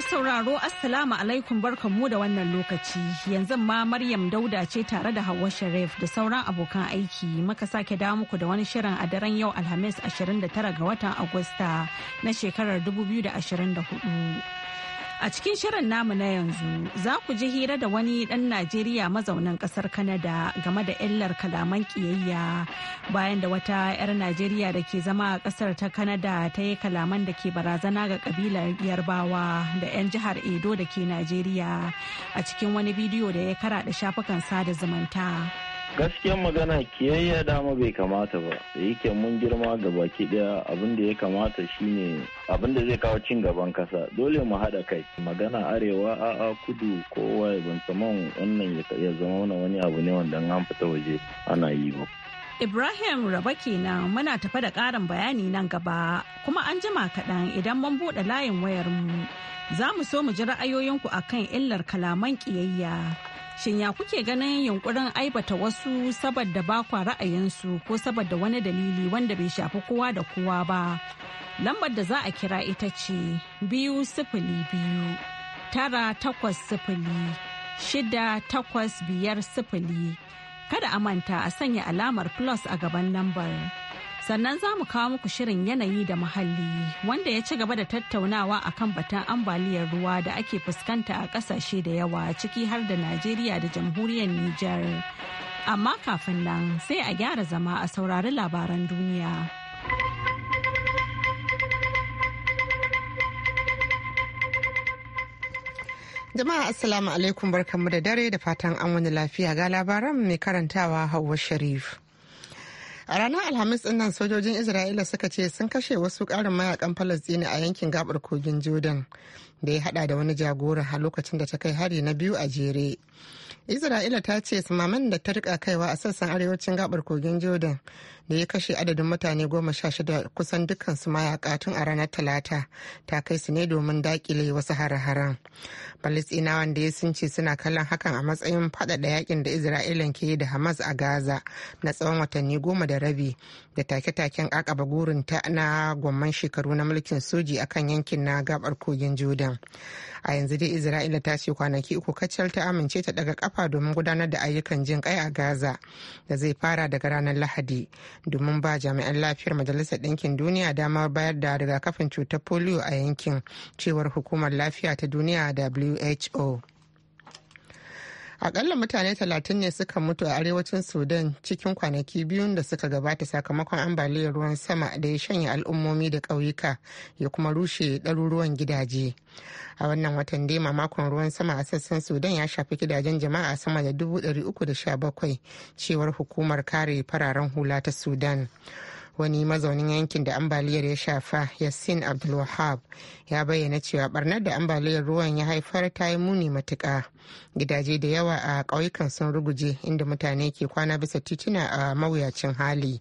Masu sauraro Assalamu alaikum mu da wannan lokaci yanzu ma Maryam Dauda ce tare da Hauwa Sharif da sauran abokan aiki muka sake dawo muku da wani shirin a daren yau Alhamis 29 ga watan Agusta na shekarar 2024. A cikin shirin namu na yanzu za ku ji hira da wani ɗan Najeriya mazaunan ƙasar Kanada game da illar kalaman ƙiyayya bayan da wata 'yar Najeriya da ke zama a ƙasar ta Kanada ta yi kalaman da ke barazana ga ƙabilar Yarbawa da 'yan jihar Edo da ke Najeriya a cikin wani bidiyo da ya kara da shafukan sada zumunta. gaskiyar magana kiyayya dama bai kamata ba da yake mun girma ga baki daya abin da ya kamata shine abin da zai kawo cin gaban kasa dole mu haɗa kai magana arewa a kudu kowa ya ban man wannan ya zama wani abu ne wanda an fita waje ana yi ba Ibrahim Raba kenan muna tafa da ƙarin bayani nan gaba kuma an jima kaɗan idan mun buɗe layin wayar mu za mu so mu ji ra'ayoyinku akan illar kalaman ƙiyayya. Shin ya kuke ganin yunkurin aibata wasu saboda ba kwa ra'ayinsu ko saboda wani dalili wanda bai shafi kowa da kowa ba? Lambar da za a kira ita ce biyu sifili biyu tara takwas sifili shida takwas biyar sifili. Kada a manta a sanya alamar plus a gaban lambar. sannan za mu kawo muku shirin yanayi da muhalli wanda ya ci gaba da tattaunawa a kan batun ambaliyar ruwa da ake fuskanta a kasashe da yawa ciki har da najeriya da jamhuriyar nijar amma kafin nan sai a gyara zama a saurari labaran duniya jama'a assalamu alaikum barkanmu da dare da fatan an wani lafiya ga labaran mai karantawa hauwa sharif A ranar Alhamis din nan sojojin Isra'ila suka ce sun kashe wasu ƙarin mayakan falastini a yankin gabar kogin Jordan. da ya hada da wani jagora a lokacin da ta kai hari na biyu a jere isra'ila ta ce sumaman da ta rika kaiwa a sassan arewacin gabar kogin jordan da ya kashe adadin mutane goma sha shida kusan dukkan su mayaka tun a ranar talata ta kai su ne domin dakile wasu hare-haren falistinawan da ya sun ce suna kallon hakan a matsayin faɗaɗa yakin da isra'ila ke yi da hamas a gaza na tsawon watanni goma da rabi da take-taken akaba gurinta na gwamman shekaru na mulkin soji a kan yankin na gabar kogin jordan a yanzu dai isra'ila ta ce kwanaki uku kacal ta amince ta daga kafa domin gudanar da ayyukan jin kai a gaza da zai fara daga ranar lahadi domin ba jami'an lafiyar majalisar ɗinkin duniya damar bayar da rigakafin cutar polio a yankin cewar hukumar lafiya ta duniya who akalla mutane 30 ne suka mutu a arewacin sudan cikin kwanaki biyun da suka gabata sakamakon ambaliyar ruwan sama da ya shanye al'ummomi da ƙauyuka ya kuma rushe ɗaruruwan gidaje a wannan watan dai mamakon ruwan sama a sassan sudan ya shafi gidajen jama'a sama da 317 cewar hukumar kare fararen hula ta sudan wani mazaunin yankin da ambaliyar ya shafa yassin abdulwahab ya bayyana cewa barnar da ambaliyar ruwan ya haifar ta yi muni matuka gidaje da yawa a ƙauyukan sun ruguje inda mutane ke kwana bisa tituna a mawuyacin hali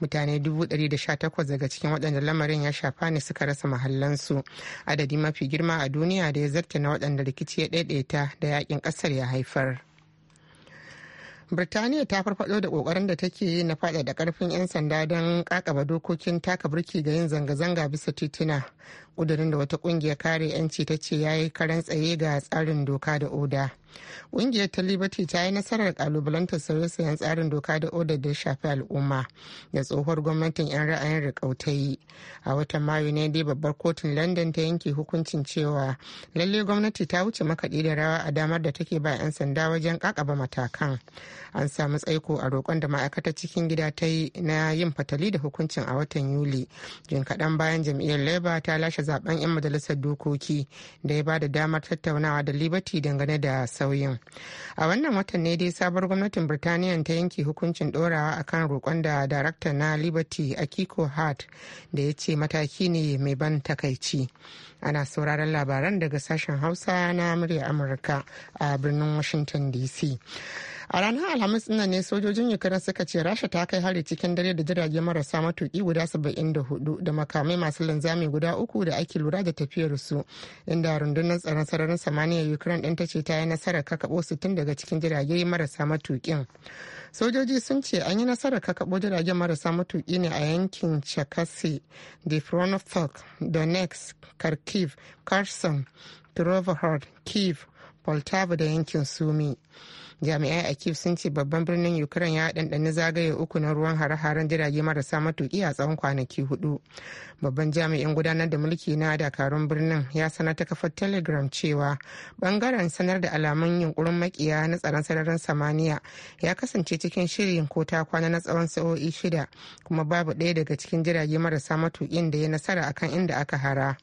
mutane 118 daga cikin waɗanda lamarin ya shafa ne suka rasa mahallansu adadi mafi girma a duniya da ya zarta na waɗanda rikici ya ɗaiɗaita da yakin ƙasar ya haifar Birtaniya ta farfado da kokarin da take yi na fada da karfin 'yan sanda don kakaba dokokin taka birki ga yin zanga-zanga bisa tituna kudurin da wata kungiyar kare 'yanci ta ce ya yi karan tsaye ga tsarin doka da oda kungiyar ta liberty ta yi nasarar kalubalantar sauye-sauyen tsarin doka da oda da shafi al'umma da tsohuwar gwamnatin 'yan ra'ayin rikau a watan mayu ne dai babbar kotun london ta yanke hukuncin cewa lalle gwamnati ta wuce makaɗi da rawa a damar da take ba 'yan sanda wajen kakaba matakan an samu tsaiko a roƙon da ma'aikatar cikin gida ta yi na yin fatali da hukuncin a watan yuli jin kaɗan bayan jam'iyyar labour ta lashe zaben 'yan majalisar dokoki da ya ba da damar tattaunawa da liberty dangane da sauyin a wannan watan ne dai sabuwar gwamnatin birtaniya ta yanke hukuncin dorawa akan roƙon da darakta na liberty akiko hart da ya ce mataki ne mai ban takaici ana sauraron labaran daga sashen hausa na murya amurka a birnin washington dc a ranar alhamis ina ne sojojin ukraine suka ce rasha ta kai hari cikin dare da jirage marasa matuki guda 74 da makamai masu linzami guda uku da ake lura da tafiyar su inda rundunar tsaron sararin samaniya ukraine ɗin ta ce ta yi nasarar kakabo 60 daga cikin jirage marasa matukin sojoji sun ce an yi nasarar kakabo jiragen marasa matuƙi ne a yankin chakasi dnipropetrovsk donetsk kharkiv kherson petrovohrad kiev poltava da yankin sumi jami'ai a kif sun ce babban birnin ukraine ya ɗanɗani zagaye uku na ruwan hare-haren jirage marasa matuki a tsawon kwanaki hudu babban jami'in gudanar da mulki na dakarun birnin ya sanar ta kafar telegram cewa bangaren sanar da alamun yunkurin makiya na tsaron sararin samaniya ya kasance cikin shirin ko ta kwana na tsawon sa'o'i shida kuma babu ɗaya daga cikin jirage marasa matukin da ya nasara akan inda aka hara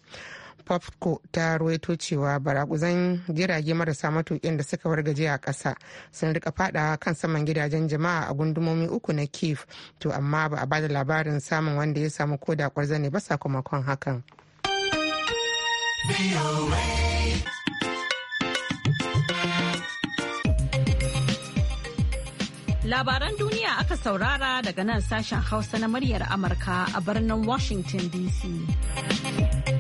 papco ta ruwaito cewa barakuzan jirage marasa matuƙin da suka wargaje a ƙasa sun rika fadawa kan saman gidajen jama'a a gundumomi uku na kif to amma ba a bada labarin samun wanda ya samu ko da kwarzane ba sakamakon hakan Labaran duniya aka saurara daga nan sashen Hausa na muryar Amurka a birnin Washington DC.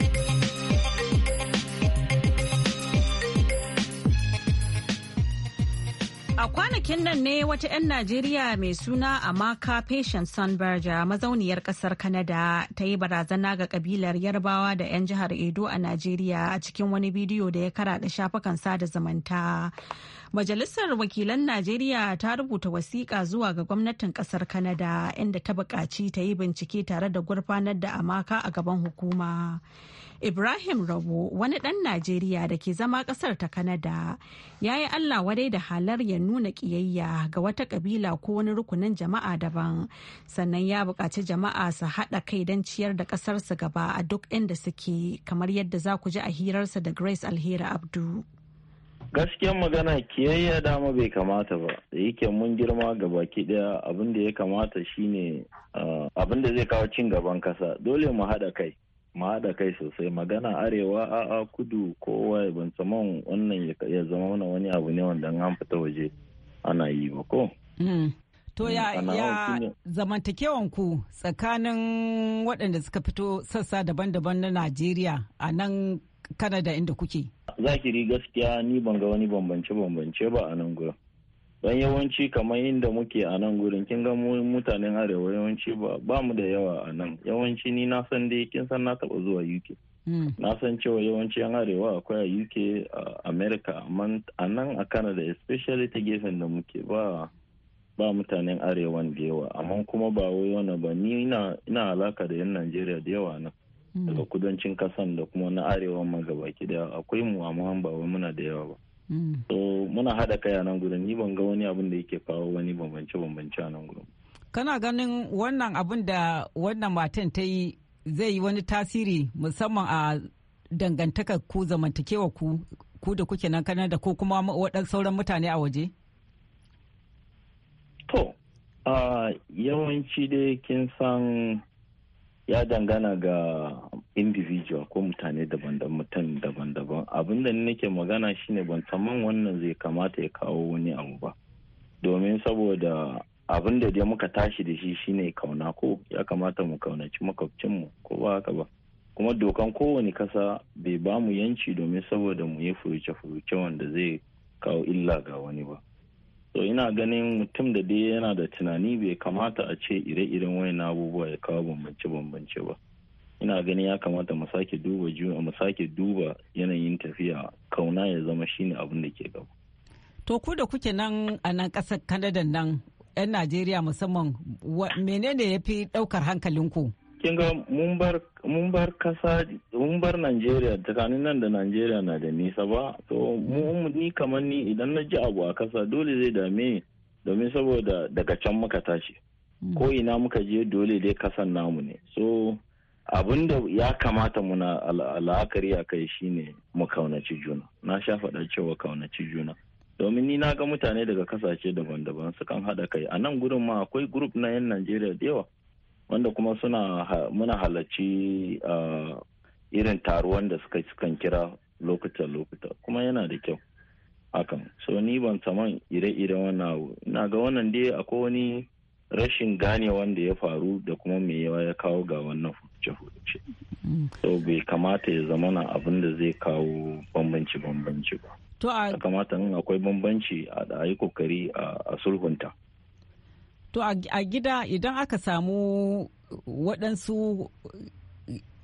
A kwanakin nan ne wata 'yan Najeriya mai suna Amaka Patient Sunberger mazauniyar kasar Kanada, ta yi barazana ga kabilar Yarbawa da 'yan jihar Edo a Najeriya a cikin wani bidiyo da ya karaɗa shafukan sada zumunta. Majalisar Wakilan Najeriya ta rubuta wasiƙa zuwa ga gwamnatin kasar Kanada, inda ta buƙaci ta yi bincike tare da gurfanar da Amaka a gaban hukuma. Ibrahim Rabo wani ɗan Najeriya da ke zama ƙasar ta Kanada ya yi Allah wadai da halar ya nuna ƙiyayya ga wata ƙabila ko wani rukunin jama'a daban sannan ya buƙaci jama'a su haɗa kai don ciyar da ƙasarsu gaba a duk inda suke kamar yadda za ku ji a hirarsa da Grace Alheri Abdu. gaskiyar magana kiyayya dama bai kamata ba da yake mun girma ga baki ɗaya abin ya kamata shine ah, abinda zai kawo cin gaban ƙasa dole mu haɗa kai maɗa da kai sosai magana arewa a kudu kowa ban tsaman wannan ya zama mana wani abu ne wanda an fita waje ana yi ba ko. Mm. To mm, ya, ya zamantakewan ku tsakanin waɗanda suka fito sassa daban-daban na Najeriya a nan Kanada inda kuke? ri gaskiya ni ban ga wani bambance-bambance ba a nan gurin. don yawanci kamar inda muke a nan gurin kin ga mutanen arewa yawanci ba mu da yawa a nan yawanci ni na san dai kin san na taba zuwa UK hmm. na san cewa yawanci yan arewa akwai a UK a America amma a nan a Canada especially ta gefen da muke ba ba mutanen arewan da yawa amma kuma ba wai wani ba ni ina alaka da yan Najeriya da yawa nan hmm. daga kudancin kasan da kuma na arewa ma gabaki daya akwai mu amma ba wai muna da yawa ba Mm. so muna haɗa kai a nan gudun ni ban ga wani abin da yake kawo wani bambance bambance a nan gudun kana ganin wannan abin da wannan matan ta yi zai yi wani tasiri musamman a dangantakar ku zamantakewa ku ku da kuke nan da ko kuma waɗansu sauran mutane a waje to yawanci dai kin san ya dangana ga individual ko mutane daban-daban mutane daban-daban abin da nake magana shine ban tsamman wannan zai kamata ya kawo wani abu ba domin saboda abinda da dai muka tashi da shi shine kauna ko ya kamata mu kaunaci makwabcinmu ko ba haka ba kuma dokan kowane kasa bai bamu yanci domin saboda mu yi furuce-furuce wanda zai kawo illa ga wani ba so ina ganin mutum da dai yana da tunani bai kamata a ce ire-iren wayan abubuwa ya kawo bambance-bambance ba ina ganin ya kamata mu sake duba juna mu sake duba yanayin tafiya kauna ya zama shine abin da ke gaba to ku da kuke nan a nan ƙasar kanada nan 'yan najeriya musamman menene ya fi ɗaukar hankalinku kin ga mun bar kasa mun bar Najeriya tsakanin nan da Najeriya na da nisa ba to mu ni kamar ni idan na ji abu a kasa dole zai dame ni domin saboda daga can muka tashi hmm. ko ina muka je dole dai kasan namu ne so abin da ya kamata muna la'akari a kai shine mu kaunaci juna na sha faɗa cewa kaunaci juna domin ni na ga mutane daga kasashe daban-daban sukan haɗa kai a nan gudun ma akwai grup na 'yan najeriya da yawa wanda kuma suna muna halarci ah, irin taruwan da suka sukan kira lokuta-lokuta kuma yana da kyau hakan so ni ban saman ire-iren wannan abu na ga wannan dai akwai wani rashin gane wanda ya faru da kuma me yawa ya kawo ga wannan fuce fuce mm. so bai kamata ya zama na abin da zai kawo bambanci-bambanci ba to a kamata nan akwai bambanci a yi kokari a sulhunta to a gida idan aka samu waɗansu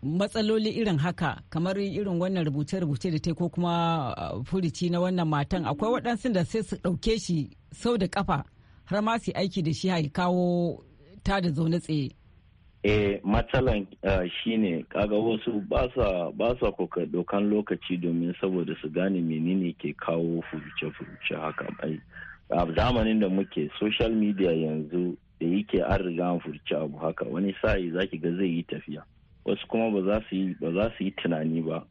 matsaloli irin haka kamar irin wannan rubuce-rubuce da ta ko kuma uh, furici na wannan matan akwai waɗansu da sai su ɗauke shi sau da kafa har ma su aiki da shi ya kawo ta da zaune tsaye. E matsalan uh, shine kaga wasu ba sa dokan lokaci domin saboda su gane menene ke kawo furuce-furuce haka bai. A zamanin da muke social media yanzu da yake an riga an furuce abu haka wani sa'i zaki ga zai yi tafiya. wasu kuma ba za su yi tunani ba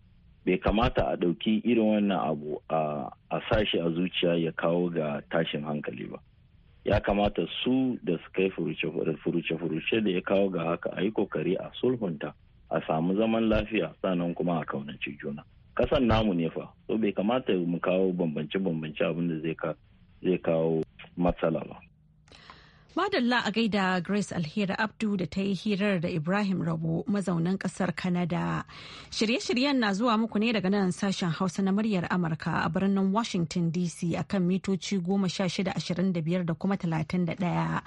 bai kamata a ɗauki irin wannan abu a sashi a zuciya ya kawo ga tashin hankali ba ya kamata su da su kai furuce-furuce da ya kawo ga haka a yi kokari a sulhunta a samu zaman lafiya sannan kuma a kaunaci juna kasan namu ne fa so bai kamata mu kawo bambance-bambance abin da zai kawo matsala ba Madalla a gaida Grace Alheri Abdu da ta yi hirar da Ibrahim Rabo mazaunan ƙasar Kanada. Shirye-shiryen na zuwa muku ne daga nan sashen Hausa na muryar Amurka a birnin Washington DC a kan mitoci 1625 da kuma 31. A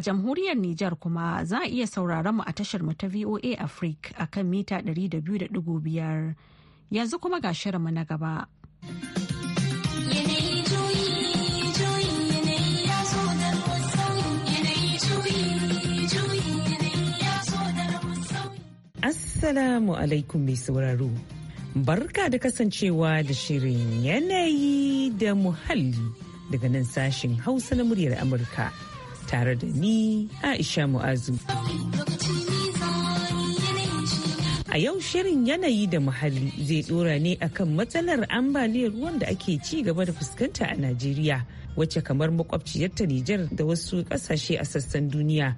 jamhuriyar Nijar kuma za a iya sauraron mu a tashar mu ta VOA Africa a kan mita 200.5. Yanzu kuma ga shirinmu na gaba. Assalamu alaikum mai sauraro. Barka da kasancewa da shirin yanayi da muhalli daga nan sashen Hausa na muryar Amurka tare da ni Aisha Mu'azu. A yau shirin yanayi da muhalli zai dora ne akan matsalar ambaliyar ruwan da ake ci gaba da fuskanta a Najeriya wacce kamar makwabciyarta Nijar da wasu kasashe a sassan duniya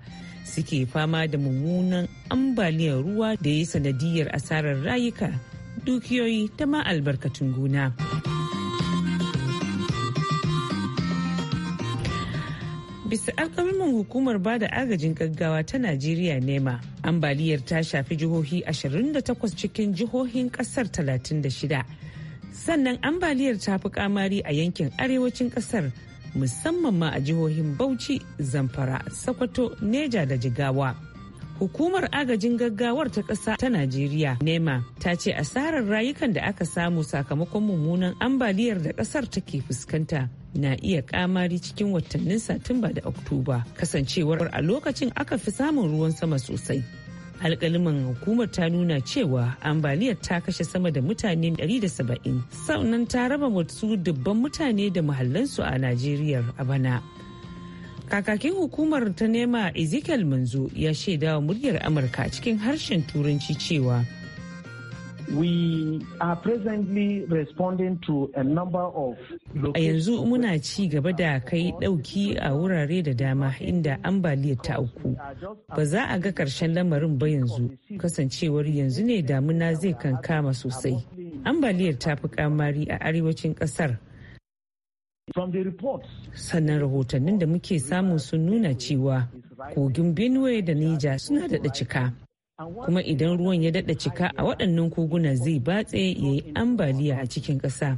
suke fama da mummunan ambaliyar ruwa da ya sanadiyar asarar rayuka dukiyoyi ta ma albarkatun gona. bisa alkalmin hukumar ba da agajin gaggawa ta najeriya nema ambaliyar ta shafi jihohi 28 cikin jihohin kasar 36 sannan ambaliyar ta fi kamari a yankin arewacin kasar musamman ma a jihohin Bauchi, Zamfara, Sokoto, Neja da Jigawa. Hukumar agajin gaggawar ta ƙasa ta Najeriya nema ta ce asarar rayukan da aka samu sakamakon mummunan ambaliyar da ƙasar take fuskanta na iya ƙamari cikin watannin Satumba da Oktoba kasancewar a lokacin aka fi samun ruwan sama sosai. alkaliman hukumar ta nuna cewa ambaliyar ta kashe sama da mutane 170 sannan ta raba wasu dubban mutane da mahallansu a najeriya a bana kakakin hukumar ta nema ezekiel manzo ya shaidawa muryar amurka cikin harshen turanci cewa A yanzu muna ci gaba da kai ɗauki a wurare da dama inda ambaliyar ta auku. Ba za a ga ƙarshen lamarin ba yanzu, kasancewar yanzu ne damuna zai kankama sosai. Ambaliyar ta fi kamari a arewacin ƙasar. Sannan rahotannin da muke samu sun nuna cewa kogin Benue da Niger suna da cika. kuma idan ruwan ya dada cika a waɗannan koguna zai batse ya yi ambaliya a cikin ƙasa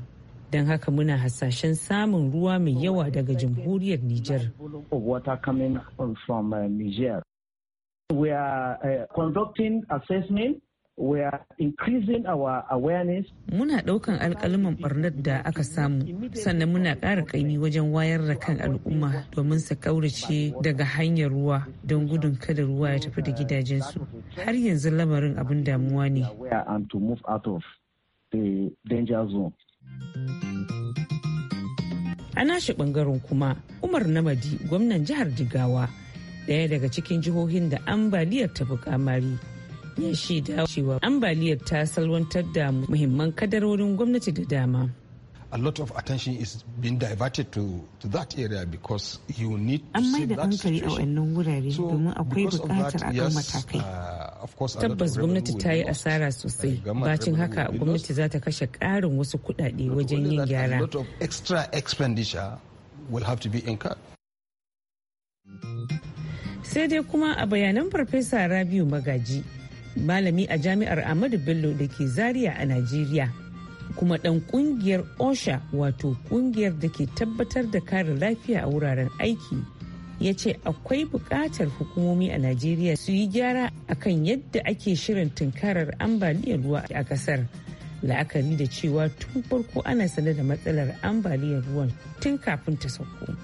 don haka muna hasashen samun ruwa mai yawa daga jamhuriyar uh, niger We are uh, conducting assessment Muna ɗaukan alkalaman barnar da aka samu sannan muna ƙara ƙaimi wajen wayar da kan al'umma domin su kaurace daga hanyar ruwa don gudun kada ruwa ya tafi da gidajensu. Har yanzu lamarin abin damuwa ne. A nashi ɓangaren kuma Umar Namadi gwamnan jihar Jigawa ɗaya daga cikin jihohin da ambaliyar ta fi kamari ya shaida cewa ambaliyar ta salwantar da muhimman kadarorin gwamnati da dama. a lot of attention is being diverted to, to that area because you need to An mai da hankali a wannan wurare domin akwai bukatar a kan matakai. Uh, Tabbas gwamnati ta yi asara sosai. Bacin haka gwamnati za ta kashe ƙarin wasu kuɗaɗe wajen yin gyara. A lot of extra expenditure will have to be incurred. Sai dai kuma a bayanan Farfesa Rabiu Magaji. malami a jami'ar Ahmadu Bello da ke Zaria a Najeriya. Kuma ɗan ƙungiyar OSHA wato ƙungiyar da ke tabbatar da kare lafiya a wuraren aiki ya ce akwai buƙatar hukumomi a Najeriya su yi gyara akan yadda ake shirin tunkarar ambaliyar ruwa a ƙasar. La'akari da cewa tun farko ana sanar da matsalar ambaliyar ruwan tun kafin ta sauko.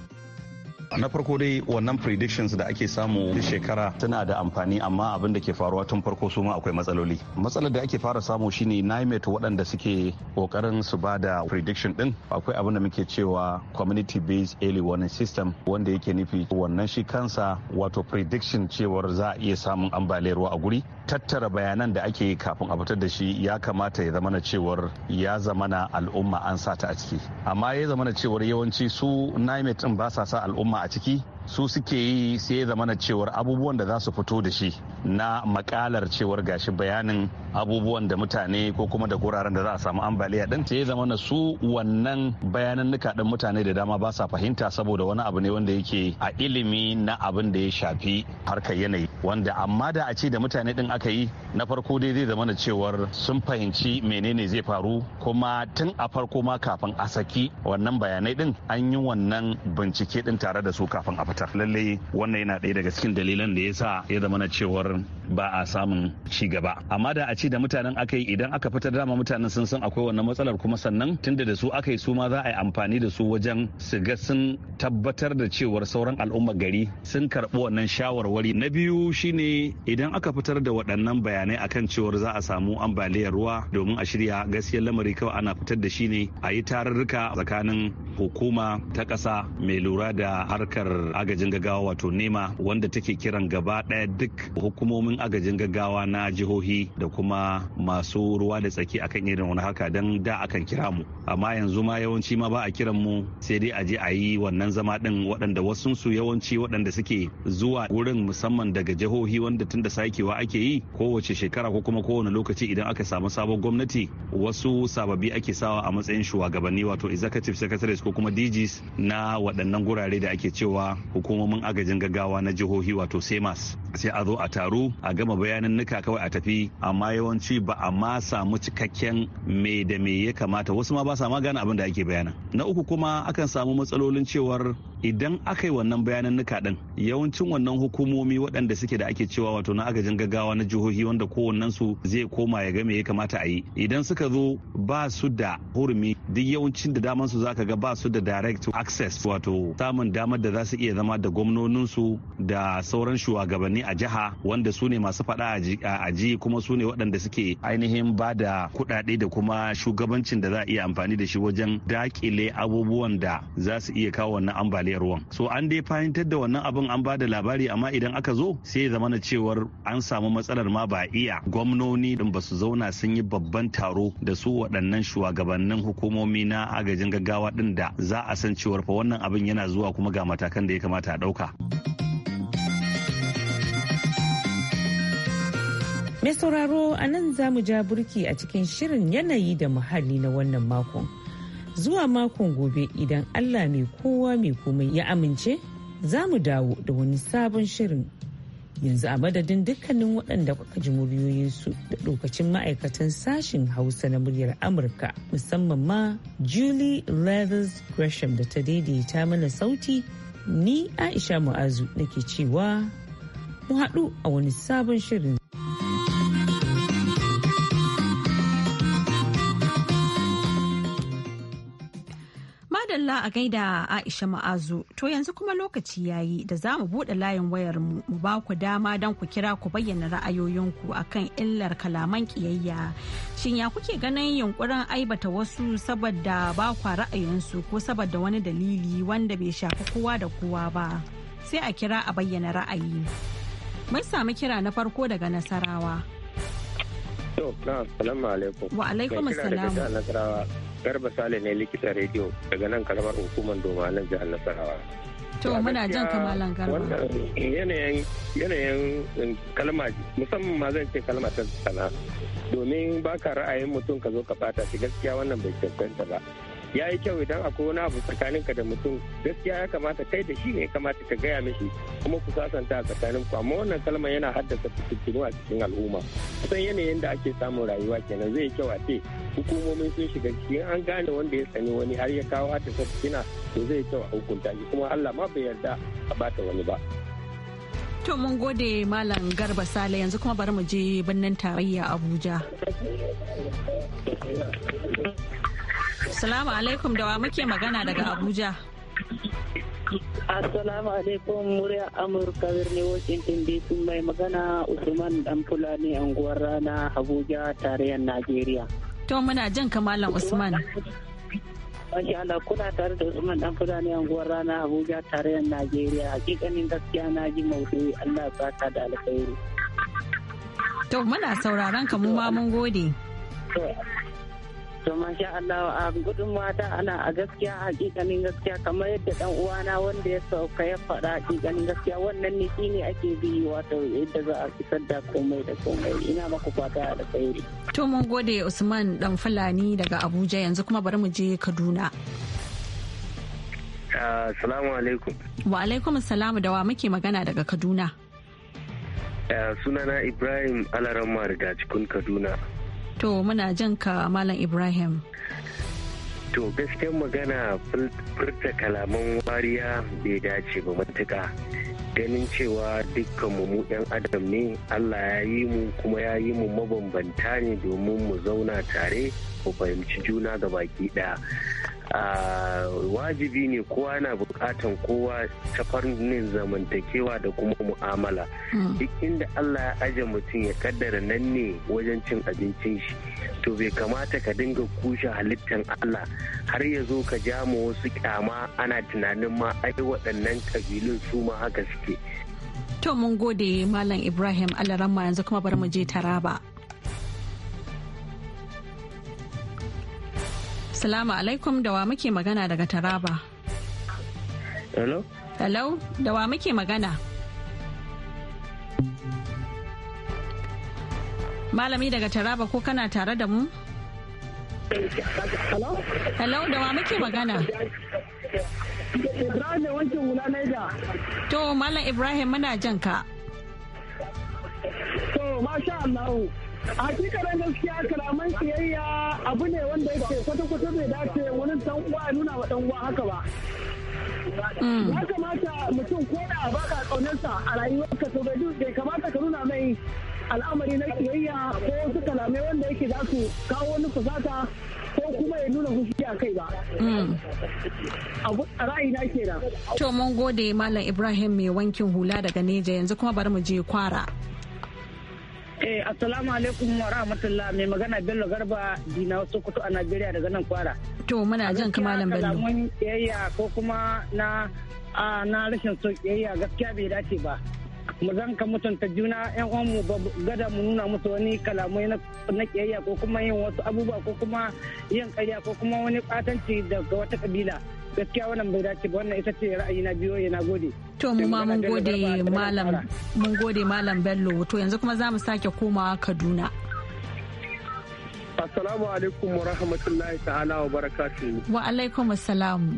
na farko dai wannan predictions da ake samu shekara tana da amfani amma abin da ke faruwa tun farko su ma akwai matsaloli matsalar da ake fara samu shine naimet waɗanda suke kokarin su ba da prediction din akwai abin da muke cewa community based early warning system wanda yake nufi wannan shi kansa wato prediction cewar za a iya samun ambaliyar ruwa a guri tattara bayanan da ake kafin a fitar da shi ya kamata ya zamana cewar ya zamana al'umma an sa ta a ciki amma ya zamana cewar yawanci su naimet ba sa sa al'umma a ciki su suke yi sai ya zamana cewar abubuwan da za su fito da shi na makalar cewar gashi bayanin abubuwan da mutane ko kuma da guraren da za a samu ambaliya din ta ya zamana su wannan bayanan nuka din mutane da dama ba sa fahimta saboda wani abu ne wanda yake a ilimi na abin da ya shafi harkar yanayi wanda amma da a ce da mutane din aka yi na farko dai zai zamana cewar sun fahimci menene zai faru kuma tun a farko ma kafin a saki wannan bayanai din an yi wannan bincike din tare da su kafin a lallai lalle wannan yana ɗaya daga cikin dalilan da ya sa ya zama na cewar ba a samun ci gaba amma da a ce da mutanen aka yi idan aka fitar dama mutanen sun san akwai wannan matsalar kuma sannan tunda da su aka yi su ma za a yi amfani da su wajen su ga sun tabbatar da cewar sauran al'umma gari sun karɓi wannan shawarwari na biyu shine idan aka fitar da waɗannan bayanai akan cewar za a samu ambaliyar ruwa domin a shirya gaskiyar lamari kawai ana fitar da shi ne a yi tarurruka tsakanin hukuma ta ƙasa mai lura da harkar agajin gaggawa wato nema wanda take kiran gaba ɗaya duk hukumomin agajin gaggawa na jihohi da kuma masu ruwa da tsaki akan irin wani haka don da akan kira mu amma yanzu ma yawanci ma ba a kiran mu sai dai a je a yi wannan zama din waɗanda wasu su yawanci waɗanda suke zuwa wurin musamman daga jihohi wanda tunda sakewa ake yi kowace shekara ko kuma kowane lokaci idan aka samu sabon gwamnati wasu sababbi ake sawa a matsayin shugabanni wato executive secretaries ko kuma dgs na waɗannan gurare da ake cewa hukumomin agajin gaggawa na jihohi wato semas sai a zo a taru a gama bayanin nuka kawai a tafi amma yawanci ba a ma samu cikakken me da me ya kamata wasu ma ba sa ma gane abin da ake bayana na uku kuma akan samu matsalolin cewar idan aka yi wannan bayanan nuka din yawancin wannan hukumomi waɗanda suke da ake cewa wato na agajin gaggawa na jihohi wanda kowannen su zai koma ya ga me ya kamata a yi idan suka zo ba su da hurumi duk yawancin da daman su zaka ga ba su da direct access wato samun damar da za su iya zama zama da gwamnoninsu da sauran shugabanni a jiha wanda su ne masu faɗa a ji kuma su ne waɗanda suke ainihin ba da kuɗaɗe da kuma shugabancin da za a iya amfani da shi wajen dakile abubuwan da za su iya kawo wannan ambaliyar ruwan so an dai fahimtar da wannan abin an ba da labari amma idan aka zo sai ya zama na cewar an samu matsalar ma ba iya gwamnoni din ba su zauna sun yi babban taro da su waɗannan shugabannin hukumomi na agajin gaggawa din da za a san cewar fa wannan abin yana zuwa kuma ga matakan da ya kamata kamata a ɗauka. Mai sauraro a nan za mu ja burki a cikin shirin yanayi da muhalli na wannan makon. Zuwa makon gobe idan Allah mai kowa mai komai ya amince, za mu dawo da wani sabon shirin. Yanzu a madadin dukkanin waɗanda kuka ji muryoyinsu da lokacin ma'aikatan sashen Hausa na muryar Amurka musamman ma Julie Leathers Gresham da ta daidaita mana sauti. ni aisha mu'azu nake cewa mu haɗu a wani sabon shirin za a gaida Aisha Ma'azu. To yanzu kuma lokaci yayi da za mu buɗe layin wayar mu mu ba ku dama don ku kira ku bayyana ra'ayoyinku akan illar kalaman kiyayya Shin ya kuke ganin yunkurin aibata wasu saboda ba kwa ra'ayinsu ko saboda wani dalili wanda bai shafi kowa da kowa ba? Sai a kira a bayyana ra'ayi. Mun samu kira na farko daga Nasarawa. To, alaikum. Wa alaikum assalam. Garba Sale ne likita rediyo daga nan karamar hukumar nan jihar Nasarawa. To muna jan kamalan garba. Yanayin yanayin um, kalma musamman ma zan ce kalma ta sana domin baka ra'ayin mutum ka zo ka bata shi gaskiya wannan bai cancanta ba. ya yi kyau idan akwai wani abu tsakanin ka da mutum gaskiya ya kamata kai da shi ne kamata ka gaya mishi kuma ku sasanta a tsakanin ku amma wannan kalmar yana haddasa fitintinu a cikin al'umma kusan yanayin da ake samun rayuwa kenan zai yi kyau a ce hukumomin sun shiga cikin an gane wanda ya tsani wani har ya kawo haddasa fitina to zai kyau a hukunta shi kuma Allah ma bai yarda a bata wani ba. To mun gode Malam Garba Sale yanzu kuma bari mu je birnin tarayya Abuja. Salamu alaikum da wa muke magana daga Abuja. Assalamu alaikum murya Amurka birni Washington DC mai magana Usman Dan Fulani anguwar rana Abuja tarayyar Najeriya. To muna ka kamalan Usman. Masha Allah kuna tare da Usman Dan Fulani anguwar rana Abuja tarayyar Najeriya hakikanin gaskiya na ji maudu'i Allah ya da alkhairi. To muna sauraron ka mu ma mun gode. to masha Allah a um, gudun mata ana a gaskiya hakikanin gaskiya kamar yadda dan uwana wanda ya sauka ya faɗa hakikanin gaskiya wannan ne shine ake bi wato yadda za a fitar da komai da komai ina maku fata da alkhairi to mun gode Usman dan Fulani daga Abuja yanzu kuma bari mu je Kaduna Assalamu ah, alaikum. Wa alaikum salamu da wa muke magana daga Kaduna. Ah, sunana Ibrahim Alaramma da cikin Kaduna. To muna jin ka Malam Ibrahim. To gaskiyar magana furta kalaman wariya bai dace ba matuka ganin cewa dukkanmu mu 'yan adam ne Allah ya yi mu kuma ya yi mu mabambanta ne domin mu zauna tare mu fahimci juna ga baki ɗaya. wajibi ne kowa na bukatan kowa ta farnin zamantakewa da kuma mu'amala hmm. duk inda allah ya aje mutum ya kaddara nan ne wajen cin abincin shi to bai kamata ka dinga kushe halittar allah har ya zo ka ja mu wasu kyama ana tunanin ma ai waɗannan kabilun su ma haka suke to mun gode malam ibrahim ramma yanzu kuma bari mu je taraba Assalamu alaikum da wa muke magana daga Taraba. Hello? Hello, da wa muke magana? Malami daga Taraba ko kana tare da mu? Hello? Hello, da wa muke magana? Ibrahim ne wancan wula da. To, Malam Ibrahim muna jan ka. To, masha Allah. hakikanin gaskiya kalaman siyayya abu ne wanda yake kwata-kwata bai dace wani dan uwa nuna wa dan uwa haka ba mm. ya kamata mutum ko da baka kaunarsa a rayuwarka to bai kamata ka nuna mai al'amari na kiyayya ko wasu kalamai wanda yake za su kawo wani fusata ko kuma ya nuna fushi a kai ba. Mm. A ra'ayina kenan. To mun gode Malam Ibrahim mai wankin hula daga Neja yanzu kuma bari mu je kwara. Eh, assalamu alaikum wa rahmatullah mai magana Bello Garba Dina Sokoto a Najeriya daga nan kwara. To muna jan kamalan Bello. Kalamun kiyayya ko kuma na na rashin so kiyayya gaskiya bai dace ba. Mu zan ka mutunta juna yan uwan mu gada mu nuna musu wani kalamai na kiyayya ko kuma yin wasu abubuwa ko kuma yin karya ko kuma wani batanci daga wata kabila. gaskiya wannan bai dace ba wannan ita ce ra'ayi na biyo yana eh, gode to mu ma mun gode malam mun gode malam bello to yanzu kuma za mu sake komawa kaduna assalamu alaikum wa rahmatullahi ta'ala wa barakatuhu wa alaikum assalamu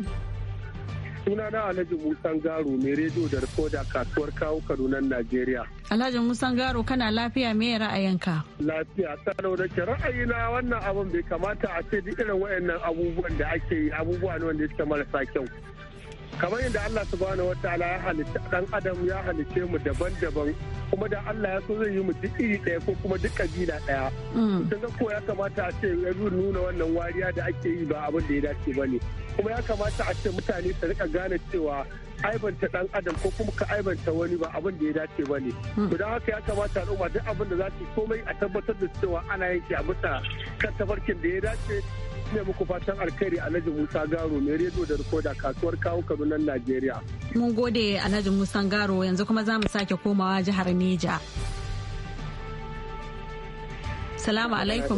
suna na alhaji musan garo mai rediyo da rikoda kasuwar kawo kadunan najeriya alhaji musan garo kana lafiya me ra'ayinka lafiya sanau da ke ra'ayina wannan abun bai kamata a ce duk irin wayannan abubuwan da ake yi abubuwa ne wanda suke marasa kyau kamar yadda Allah subhanahu ala ya halitta dan adam ya halitte mu daban-daban kuma da Allah ya so zai yi mu duk iri ɗaya ko kuma duk kabila ɗaya tun mm. ko ya kamata a ce ya nuna wannan wariya da ake yi ba abin da ya dace ba ne kuma ya kamata a ce mutane su rika gane cewa aibanta dan adam ko kuma ka aibanta wani ba abin da ya dace ba ne hmm. to haka ya kamata al'umma duk abin da za su komai a tabbatar da cewa ana yanke a bisa kan da ya dace ne muku fatan alkhairi alhaji musa garo mai rediyo da rikoda kasuwar kawo kanunan najeriya mun gode alhaji musa garo yanzu kuma za mu sake komawa jihar neja salamu alaikum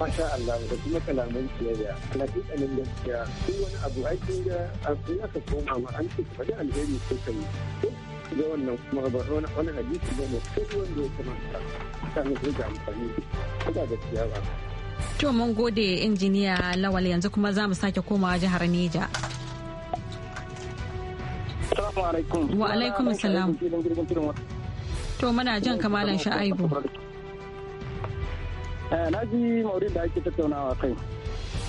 masha Allah da kuma kalaman siyayya na dukkanin gaskiya duk wani abu aikin da abin aka koma ma an ce faɗi alheri ko kai ga wannan kuma ba wani hadisi ba ne sai wanda ya kamata ta mutu ga amfani ba gaskiya ba. To mun gode injiniya Lawal yanzu kuma za mu sake komawa jihar Neja. Wa alaikum salam. To mana jan kamalan sha'aibu. Eh, na ji maurin da ake tattaunawa kai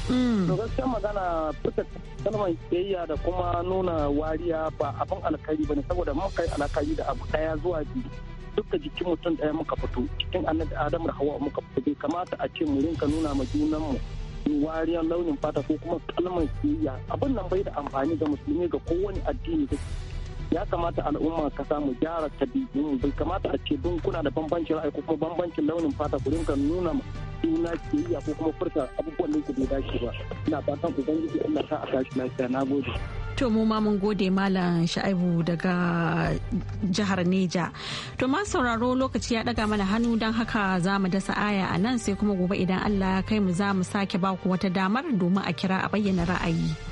mm. to gaskiya magana fita kalmar kiyayya da kuma nuna wariya ba abin alkhairi ba ne saboda mun kai alkhairi da abu daya zuwa biyu duka jikin mutum daya muka fito cikin annabi adam da hawa muka fito bai kamata a ce mu rinka nuna ma junanmu wariyar launin fata ko kuma kalmar kiyayya abin nan bai da amfani ga musulmi ga kowane addini ya kamata al'umma ka samu gyara tabi'un bai kamata a ce bin kuna da bambancin ra'ayi ko kuma bambancin launin fata ku rinka nuna ma juna kiyayya ko kuma furta abubuwan da ku bai dace ba ina fatan ubangiji Allah ta a tashi lafiya na gode To mu ma mun gode Malam Sha'ibu daga jihar Neja. To ma sauraro lokaci ya daga mana hannu don haka za mu dasa aya a nan sai kuma gobe idan Allah ya kai mu za mu sake baku wata damar domin a kira a bayyana ra'ayi.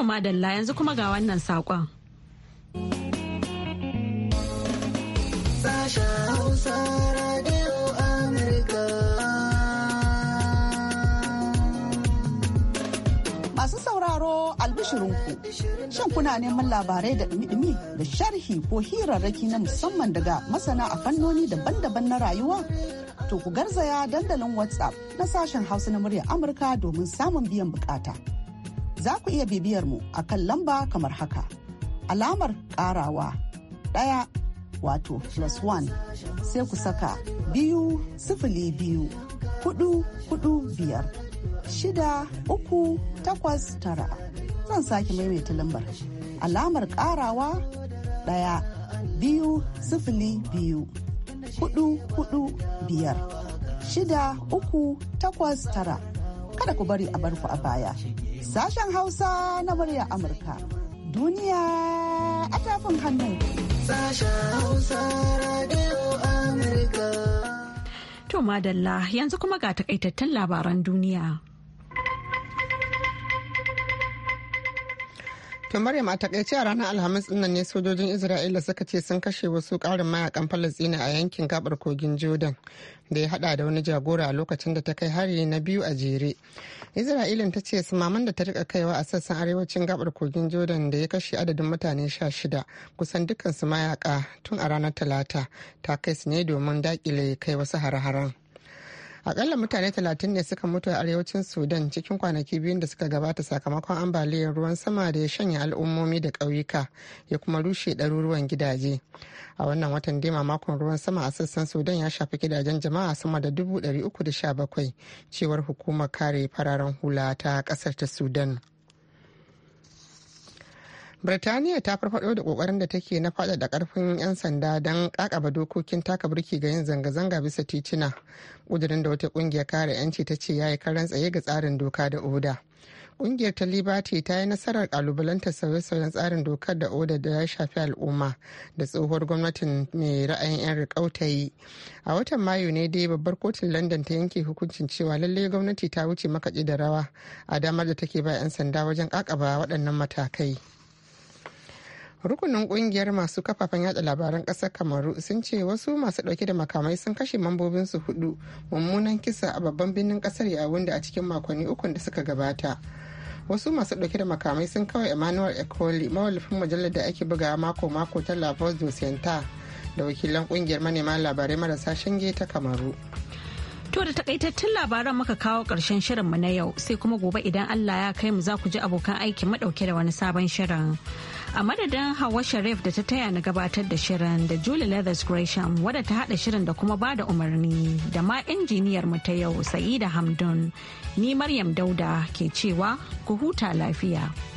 To madalla yanzu kuma ga wannan saƙon. Masu sauraro albishirinku, shan kuna neman labarai da ɗumi da sharhi ko hirarraki na musamman daga masana a fannoni daban-daban na rayuwa? To ku garzaya dandalin WhatsApp na sashen Hausa na muryar Amurka domin samun biyan bukata. za ku iya bibiyar mu a kan lamba kamar haka. Alamar karawa ɗaya wato plus one sai ku saka biyu sifili biyu hudu hudu biyar shida uku takwas tara zan sake maimaita lambar alamar karawa ɗaya biyu sifili biyu hudu hudu biyar shida uku takwas tara kada ku bari a barku a baya Sashen Hausa na murya Amurka. Duniya a tafin hannu. To madalla yanzu kuma ga takaitattun labaran duniya. To Maryam a takaice a ranar Alhamis dinnan ne sojojin Isra'ila suka ce sun kashe wasu ƙarin mayakan Falasɗina a yankin gabar kogin Jordan da ya hada da wani jagora a lokacin da ta kai hari na biyu a jere. isra'ilin ta ce sumaman da ta rika kaiwa a sassan arewacin gabar kogin jordan da ya kashe adadin mutane sha shida kusan dukkan su mayaka tun a ranar talata ta kai su ne domin dakile kai wasu hare-haren akalla mutane 30 ne suka mutu a arewacin sudan cikin kwanaki biyun da suka gabata sakamakon ambaliyar ruwan sama da ya shanye al'ummomi da ƙauyuka ya kuma rushe ɗaruruwan gidaje a wannan watan dema makon ruwan sama a sassan sudan ya shafi gidajen jama'a sama da 317 cewar hukumar kare fararen hula ta ƙasar ta sudan Birtaniya ta farfado da kokarin da take na faɗaɗa karfin 'yan sanda don kakaba dokokin taka birki ga yin zanga-zanga bisa titina. Kudurin da wata kungiyar kare 'yanci ta ce ya yi karan tsaye ga tsarin doka da oda. Kungiyar ta Liberty ta yi nasarar kalubalantar sauye-sauyen tsarin dokar da oda da ya shafi al'umma da tsohuwar gwamnatin mai ra'ayin 'yan riƙau ta yi. A watan Mayu ne dai babbar kotun London ta yanke hukuncin cewa lallai gwamnati ta wuce makaɗi da rawa a damar da take ba 'yan sanda wajen kakaba waɗannan matakai. rukunin kungiyar masu kafafen yada labaran kasar kamaru sun ce wasu masu dauke da makamai sun kashe mambobinsu hudu mummunan kisa a babban birnin kasar yawun da a cikin makonni ukun da suka gabata wasu masu dauke da makamai sun kawai emmanuel ecoli mawalifin mujallar da ake bugawa mako-mako ta la voz da wakilan kungiyar manema labarai marasa shinge ta kamaru To da takaitattun labaran muka kawo ƙarshen mu na yau sai kuma gobe idan Allah ya kai mu za ku ji abokan aiki madauke da wani sabon shirin. a madadin hawa sharif da ta taya na gabatar da shirin da julie leathers gresham wadda ta hada shirin da kuma bada umarni da ma injiniyar mu ta yau sa'ida hamdun ni maryam dauda ke cewa ku huta lafiya.